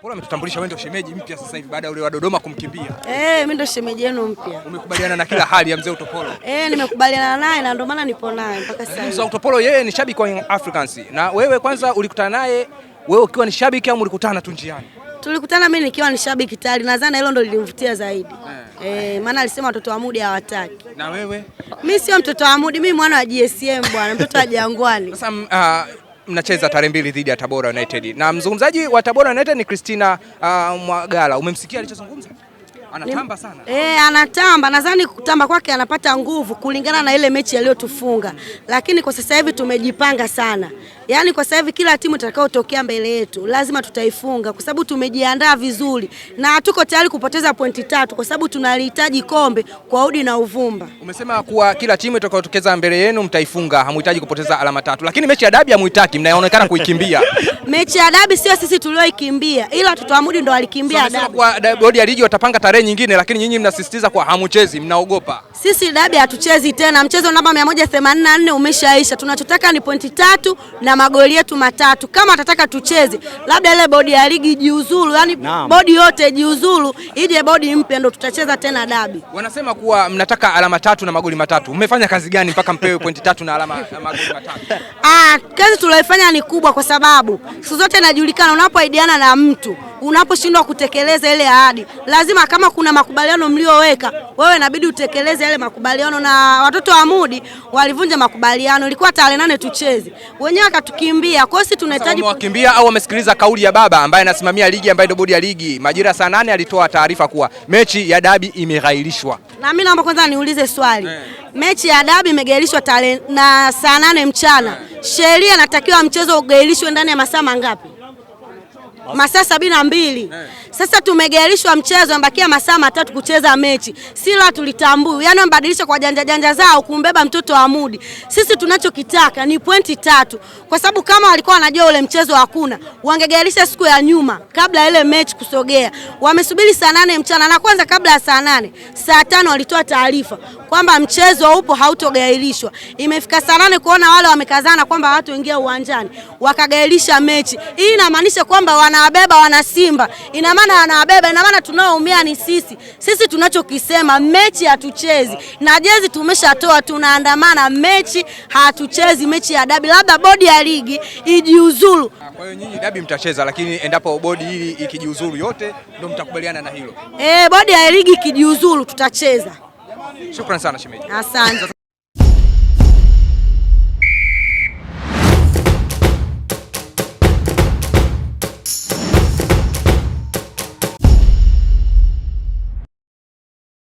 Pole ametutambulisha wewe ndio shemeji mpya sasa hivi baada ya ule wa Dodoma kumkimbia. Eh, mimi ndio shemeji yenu mpya. Umekubaliana na kila hali ya mzee Utopolo? Eh, nimekubaliana naye na ndio maana nipo naye mpaka sasa. Mzee Utopolo yeye ni shabiki wa Africans. Na wewe kwanza ulikutana naye wewe ukiwa ni shabiki au mlikutana tu njiani? Tulikutana mimi nikiwa ni shabiki tayari. Nadhani hilo ndio lilimvutia zaidi. Eh, eh maana alisema watoto wa Mudi hawataki. Na wewe? Mimi sio mtoto wa Mudi, mimi mwana wa GSM bwana, mtoto wa Jangwani. Sasa ah, mnacheza tarehe mbili dhidi ya Tabora United na mzungumzaji wa Tabora United ni Christina uh, Mwagala. Umemsikia alichozungumza? anatamba sana. Eh, anatamba nadhani kutamba kwake anapata nguvu kulingana na ile mechi aliyotufunga, lakini kwa sasa hivi tumejipanga sana, yaani kwa sasa hivi kila timu itakayotokea mbele yetu lazima tutaifunga, kwa sababu tumejiandaa vizuri na tuko tayari kupoteza pointi tatu, kwa sababu tunalihitaji kombe kwa udi na uvumba. Umesema kuwa kila timu itakayotokeza mbele yenu mtaifunga, hamuhitaji kupoteza alama tatu, lakini mechi ya dabi hamuhitaki, mnaonekana kuikimbia mechi ya dabi. Sio sisi tulioikimbia, ila tutoamudi ndo alikimbia so, dabi. Kwa bodi ya ligi watapanga tarehe nyingine, lakini nyinyi mnasisitiza kwa hamuchezi, mnaogopa. Sisi dabi hatuchezi tena, mchezo namba 184 umeshaisha. Tunachotaka ni pointi tatu na magoli yetu matatu. Kama atataka tucheze, labda ile bodi ya ligi jiuzulu, yani bodi yote jiuzulu, ije bodi mpya, ndo tutacheza tena dabi. Wanasema kuwa mnataka alama tatu na magoli matatu. Mmefanya kazi gani mpaka mpewe pointi tatu na alama magoli matatu? Ah, kazi tuliyofanya ni kubwa, kwa sababu siku zote inajulikana unapoaidiana na mtu unaposhindwa kutekeleza ile ahadi, lazima kama kuna makubaliano mlioweka, wewe inabidi utekeleze yale makubaliano. Na watoto wa Mudi walivunja makubaliano, ilikuwa tarehe nane tucheze, wenyewe akatukimbia. Kwa hiyo sisi tunahitaji wakimbia au wamesikiliza kauli ya baba ambaye anasimamia ligi ambayo ndio bodi ya ligi. Majira saa nane alitoa taarifa kuwa mechi ya dabi imeghairishwa. Na mimi naomba kwanza niulize swali hey. Eh. Mechi ya dabi imegailishwa tarehe na saa nane mchana eh. Sheria inatakiwa mchezo ugailishwe ndani ya masaa mangapi? masaa sabini na mbili. Eh. Sasa tumegairishwa mchezo, mbakia masaa matatu kucheza mechi, Si sila tulitambui, yani wamebadilisha kwa janja janja zao kumbeba mtoto wa Mudi. Sisi tunachokitaka ni pointi tatu, kwa sababu kama walikuwa wanajua ule mchezo hakuna, wangegairisha siku ya nyuma kabla ile mechi kusogea. Wamesubiri saa nane mchana, na kwanza kabla ya saa nane, saa tano walitoa taarifa kwamba mchezo upo hautogairishwa. Imefika saa nane kuona wale wamekazana kwamba watu ingia uwanjani, wakagairisha mechi. Hii inamaanisha kwamba wana anawabeba wanasimba, ina maana anawabeba, ina maana tunaoumia ni sisi. Sisi tunachokisema mechi hatuchezi na jezi tumeshatoa, tunaandamana, mechi hatuchezi, mechi ya dabi, labda bodi ya ligi ijiuzulu. Ah, kwa hiyo nyinyi dabi mtacheza, lakini endapo bodi hii ikijiuzulu yote, ndio mtakubaliana na hilo? Eh, bodi ya ligi ikijiuzulu tutacheza. Shukrani sana shemeji. Asante.